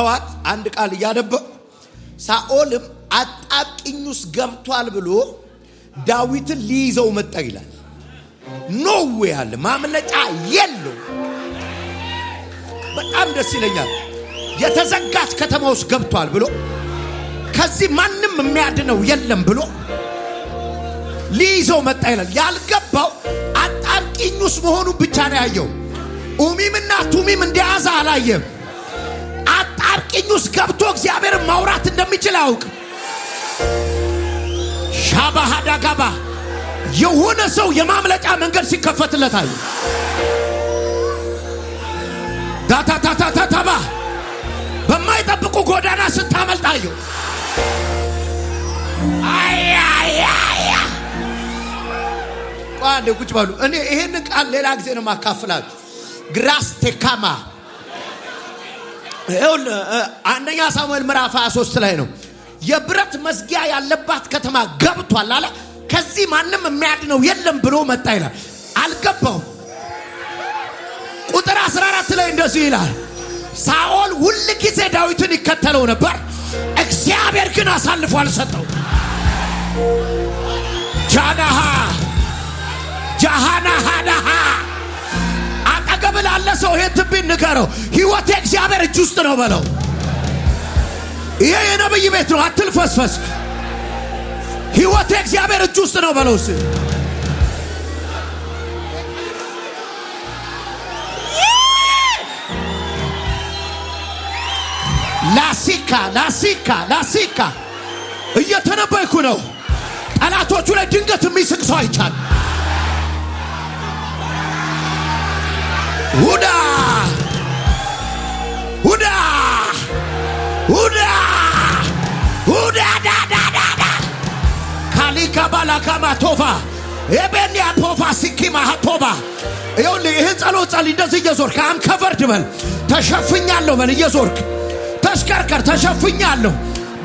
ጠዋት አንድ ቃል እያነበብ ሳኦልም አጣብቂኝ ውስጥ ገብቷል ብሎ ዳዊትን ሊይዘው መጣ ይላል። ኖዌ ያለ ማምለጫ የለው። በጣም ደስ ይለኛል። የተዘጋች ከተማ ውስጥ ገብቷል ብሎ ከዚህ ማንም የሚያድነው የለም ብሎ ሊይዘው መጣ ይላል። ያልገባው አጣብቂኝ ውስጥ መሆኑን ብቻ ነው ያየው። ኡሚምና ቱሚም እንደያዘ አላየም። አጣብቂኝ ውስጥ ገብቶ እግዚአብሔር ማውራት እንደሚችል አውቅ ሻባሃዳ ጋባ የሆነ ሰው የማምለጫ መንገድ ሲከፈትለታል። ዳታታታታታባ በማይጠብቁ ጎዳና ስታመልጣየው ቋንዴ ቁጭ ባሉ እኔ ይህን ቃል ሌላ ጊዜ ነው ማካፍላችሁ ግራስ ቴካማ አንደኛ ሳሙኤል ምዕራፍ 23 ላይ ነው። የብረት መዝጊያ ያለባት ከተማ ገብቷል አለ። ከዚህ ማንም የሚያድነው የለም ብሎ መጣ ይላል። አልገባውም። ቁጥር 14 ላይ እንደዚህ ይላል። ሳኦል ሁል ጊዜ ዳዊትን ይከተለው ነበር፣ እግዚአብሔር ግን አሳልፎ አልሰጠው። ጃናሃ ጃሃናሃዳሃ ላለ ሰው ይሄ ትንቢት ንገረው። ህይወቴ እግዚአብሔር እጅ ውስጥ ነው በለው። ይሄ የነብይ ቤት ነው አትልፈስፈስ። ህይወቴ እግዚአብሔር እጅ ውስጥ ነው በለው። ላሲካ ላሲካ ላሲካ እየተነበይኩ ነው። ጠላቶቹ ላይ ድንገት የሚስቅ ሰው አይቻል ሁዳ ሁዳ ሁዳ ሁዳ ዳዳዳዳ ካሊካ ባላካማ ቶፋ ኤቤንያ ፖፋ ሲኪማ ቶባ ይኸውልህ ይህን ጸሎት ጸልይ። እንደዚህ እየዞርክ አንከቨርድ በል ተሸፍኛለሁ በል እየዞርክ ተሽከርከር ተሸፍኛለሁ።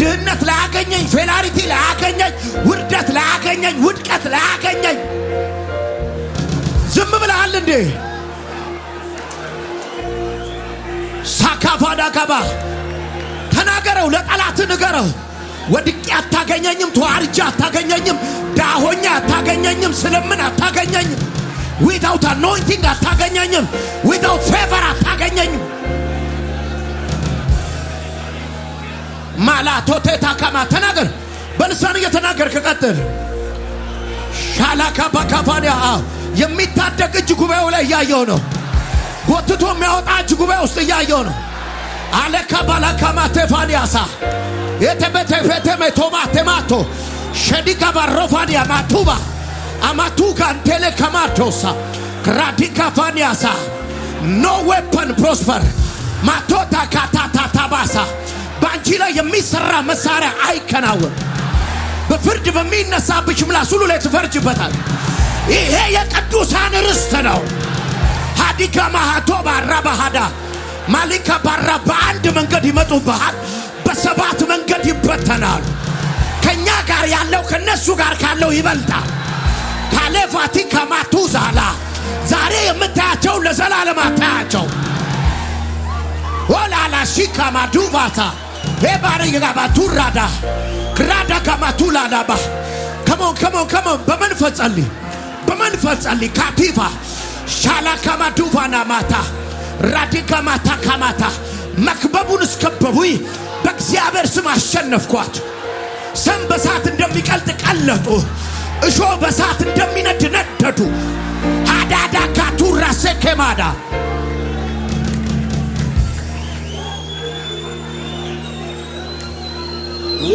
ድህነት ላያገኘኝ፣ ፌላሪቲ ላያገኘኝ፣ ውርደት ላያገኘኝ፣ ውድቀት ላያገኘኝ። ዝም ብለሃል እንዴ? ሳካፋዳካባ ተናገረው፣ ለጠላት ንገረው። ወድቄ አታገኘኝም፣ ተዋርጄ አታገኘኝም፣ ዳሆኛ አታገኘኝም፣ ስለምን አታገኘኝም፣ ዊዳውት አኖይንቲንግ አታገኘኝም፣ ዊዳውት ፌቨር አታገኘኝም። ማላቶቴ ተናገር፣ በልሳን እየተናገር ከቀጥል ሻላካ የሚታደግ እጅ ጉባኤው ላይ እያየው ነው። ጎትቶ የሚያወጣ እጅ ጉባኤ ውስጥ እያየው ነው። አለካ ባላካማቴፋንያሳ የተበተፌቴሜቶማቴማቶ ሸዲጋ ባሮፋንያ ማቱባ አማቱጋ አንቴሌ ከማቶሳ ራዲካ ፋንያሳ ኖ ዌፐን ፕሮስፐር ማቶታ ካታታታባሳ በአንቺ ላይ የሚሠራ መሣሪያ አይከናወን። በፍርድ በሚነሳብሽ ምላስ ሁሉ ላይ ትፈርጅበታል። ይሄ የቅዱሳን ርስት ነው። ማዲካ ማሃቶ ባራ ባህዳ ማሊካ ባራ በአንድ መንገድ ይመጡብሃል፣ በሰባት መንገድ ይበተናሉ። ከእኛ ጋር ያለው ከነሱ ጋር ካለው ይበልጣል። ካሌፋቲ ከማቱ ዛላ ዛሬ የምታያቸው ለዘላለም አታያቸው። ወላላ ሺካ ማዱባታ ባረጋባ ቱራዳ ራዳ ከማቱ ላዳባ ከሞን ከሞን ከሞን በመንፈስ ጸልይ፣ ካቲፋ ሻላካማዱቫና ማታ ራዲካ ማታ ካማታ መክበቡን እስከበቡኝ በእግዚአብሔር ስም አሸነፍኳት ሰም በሳት እንደሚቀልጥ ቀለጡ። እሾ በሳት እንደሚነድ ነደዱ። ሃዳዳ ካቱራ ሴኬማዳ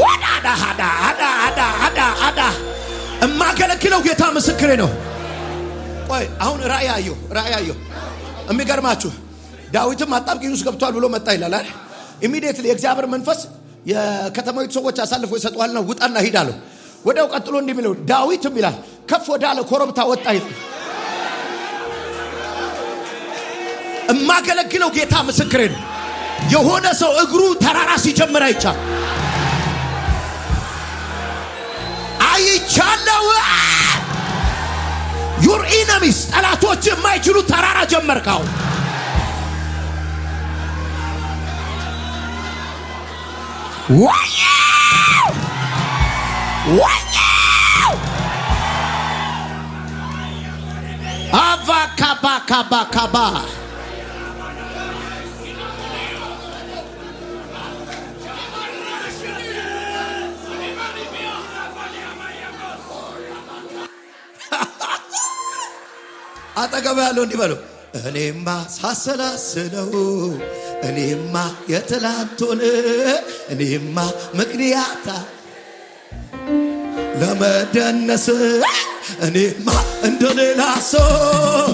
ወዳዳ ዳ ዳ ዳ ዳ እማገለግለው ጌታ ምስክሬ ነው። ቆይ አሁን ራእይ አየሁ ራእይ አየሁ። የሚገርማችሁ ዳዊትም አጣብቂኝ ውስጥ ገብቷል ብሎ መጣ ይላል አይደል? ኢሚዲየትሊ የእግዚአብሔር መንፈስ የከተማዊቱ ሰዎች አሳልፎ ይሰጠዋልና ውጣና ሂድ አለው። ወዲያው ቀጥሎ እንዲህ የሚለው ዳዊትም ይላል ከፍ ወዳለ ኮረብታ ወጣ ይላል። የማገለግለው ጌታ ምስክሬ ነው። የሆነ ሰው እግሩ ተራራ ሲጀምር አይቻል አይቻለው ዩር ኢነሚስ ጠላቶች የማይችሉ ተራራ ጀመርካው። አቫ ካባ ካባ ካባ አጠገብ ያለው እንዲህ በለው እኔማ ሳሰላስለው እኔማ የትላንቱን እኔማ ምክንያት ለመደነስ እኔማ እንደሌላ ሰው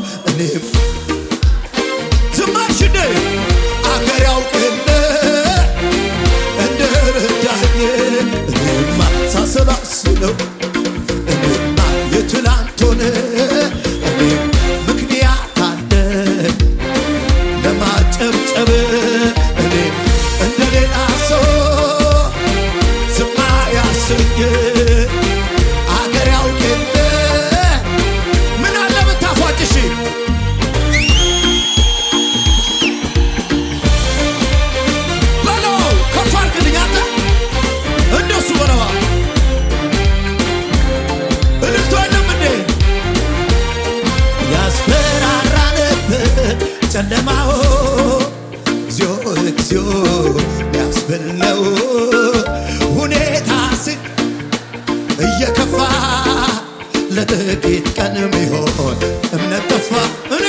እኔ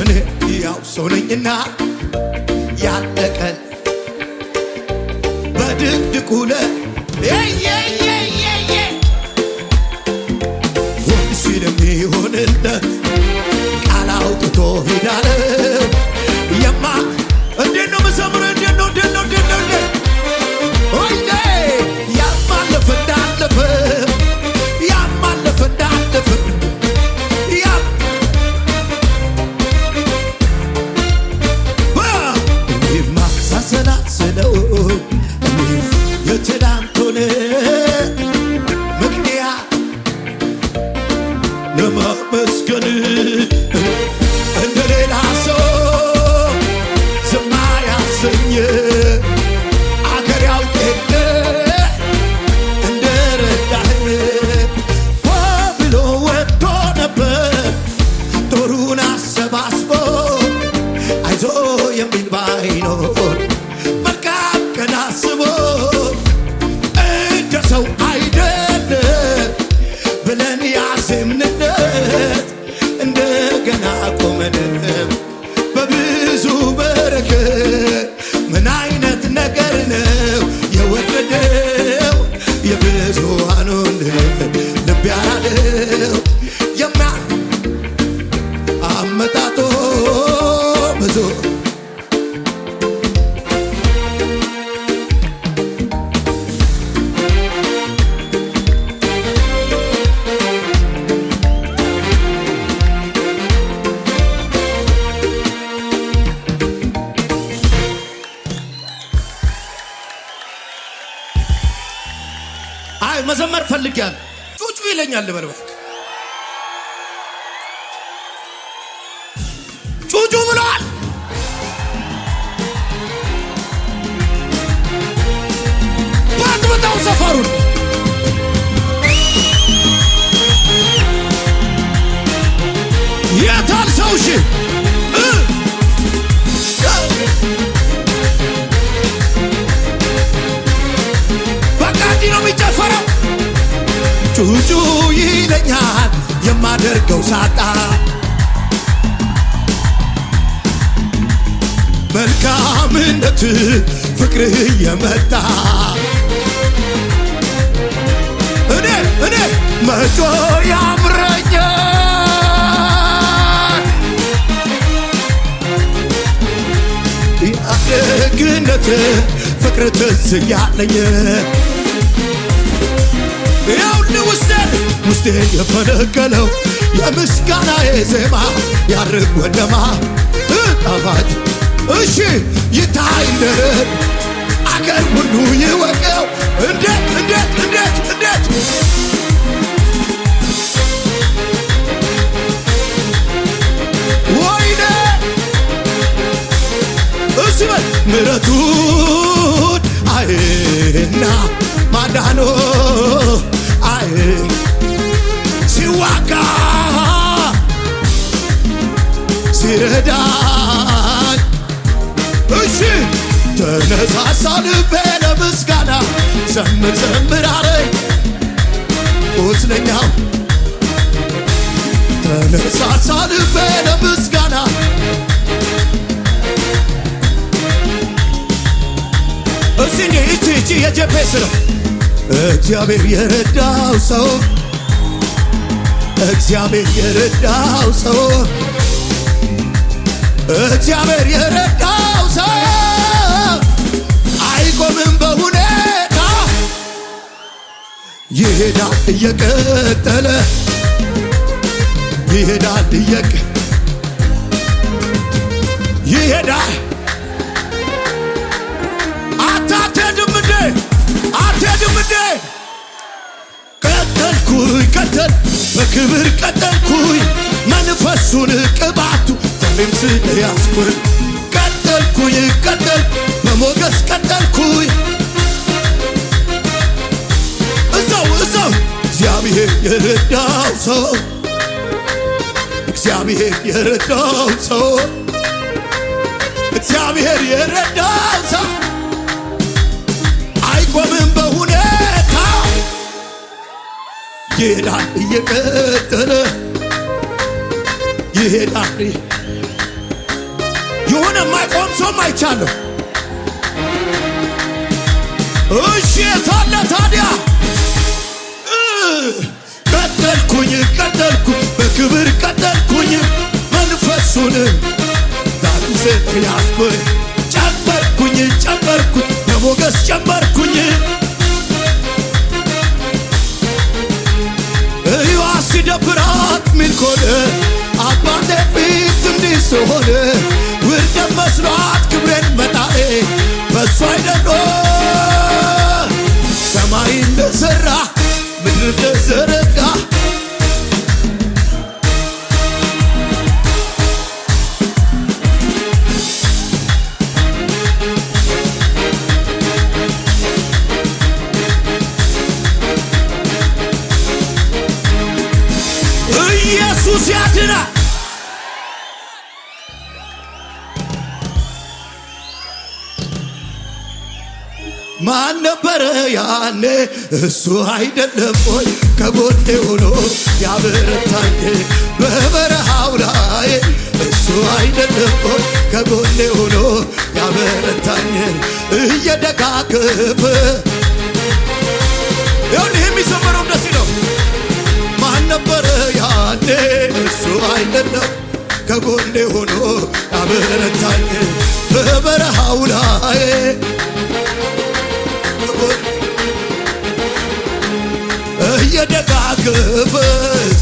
እኔ ያው ሰው ነኝና ወንድ ሲል የሚሆንለት ቃል አውጥቶ መዘመር ፈልጊያል። ጩጩ ይለኛል ልበል እባክህ። ጩጩ ብሏል። ባትመታው ሰፈሩን የታል ሰው ሺህ ሳጣ መልካምነት ፍቅርህ የመጣ እኔ እኔ መቶ ያምረኛል የአድግነት ፍቅር ትዝ ያለኝ ያውል ውስደን ውስጤ የፈነቀለው የምስጋና የዜማ ያርግ ወደማ ጣፋጭ እሺ ይታይ ንርን አገር ሁሉ ይወቀው እንዴት እንዴት እንዴት እንዴት ወይኔ እስበል ምረቱን አይና ማዳኖ አይ ይረዳል። እሺ ተነሳሳ ልቤ ለምስጋና ዘምር ዘምር አለኝ ቁስለኛው ተነሳሳ ልቤ ለምስጋና እሺ እቺ እቺ የጄፔስ ነው እግዚአብሔር የረዳው ሰው እግዚአብሔር የረዳው ሰው እግዚአብሔር የረዳው ሰው አይቆምም በሁኔታ ይሄዳል እየቀጠለ ይሄዳል እየቀ ይሄዳል አታትሄድም እንዴ አትሄድም እንዴ ቀጠልኩ ቀጠል በክብር ቀጠል ስለ ያስኩር ቀጠልኩኝ ቀጠል በሞገስ ቀጠልኩኝ እዛው እዛው እግዚአብሔር የረዳው ሰው እግዚአብሔር የረዳው ሰው እግዚአብሔር የረዳው ሰው አይቆምም በሁኔታ ይሄዳል እየቀጠለ ይሄዳል የሆነ የማይቆም ሰውም አይቻለሁ። እሺ የታለ ታዲያ? ቀጠልኩኝ ቀጠልኩ በክብር ቀጠልኩኝ መንፈሱን ዳሩ ሴት ያስኩኝ ጨመርኩኝ ጨመርኩኝ በሞገስ ጨመር ማን ነበረ ያኔ? እሱ አይደለም ወይ ከጎኔ ሆኖ ያበረታኝ በበረሃው ላይ? እሱ አይደለም ወይ ከጎኔ ሆኖ ያበረታኝ እየደጋገፈ ይሁን ይህ የሚዘመረው ደስ ነው። ማን ነበረ ያኔ? እሱ አይደለም ከጎኔ ሆኖ ያበረታኝ በበረሃው ላይ እየደጋግበት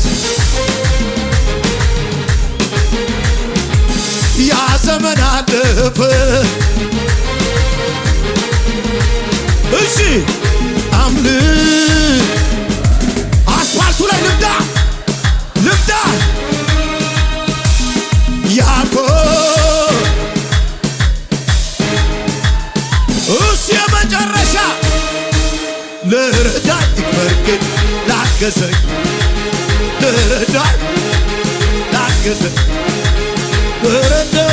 ያ ዘመን አለፈ። እሺ አምል አስፋልቱ ላይ ልብዳ ልብዳ ያኮ እሱ የመጨረሻ ልርዳ ይክበር ላገዘኝ ረዳኝ ላገዘኝ ረዳኝ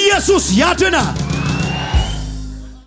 ኢየሱስ ያድናል።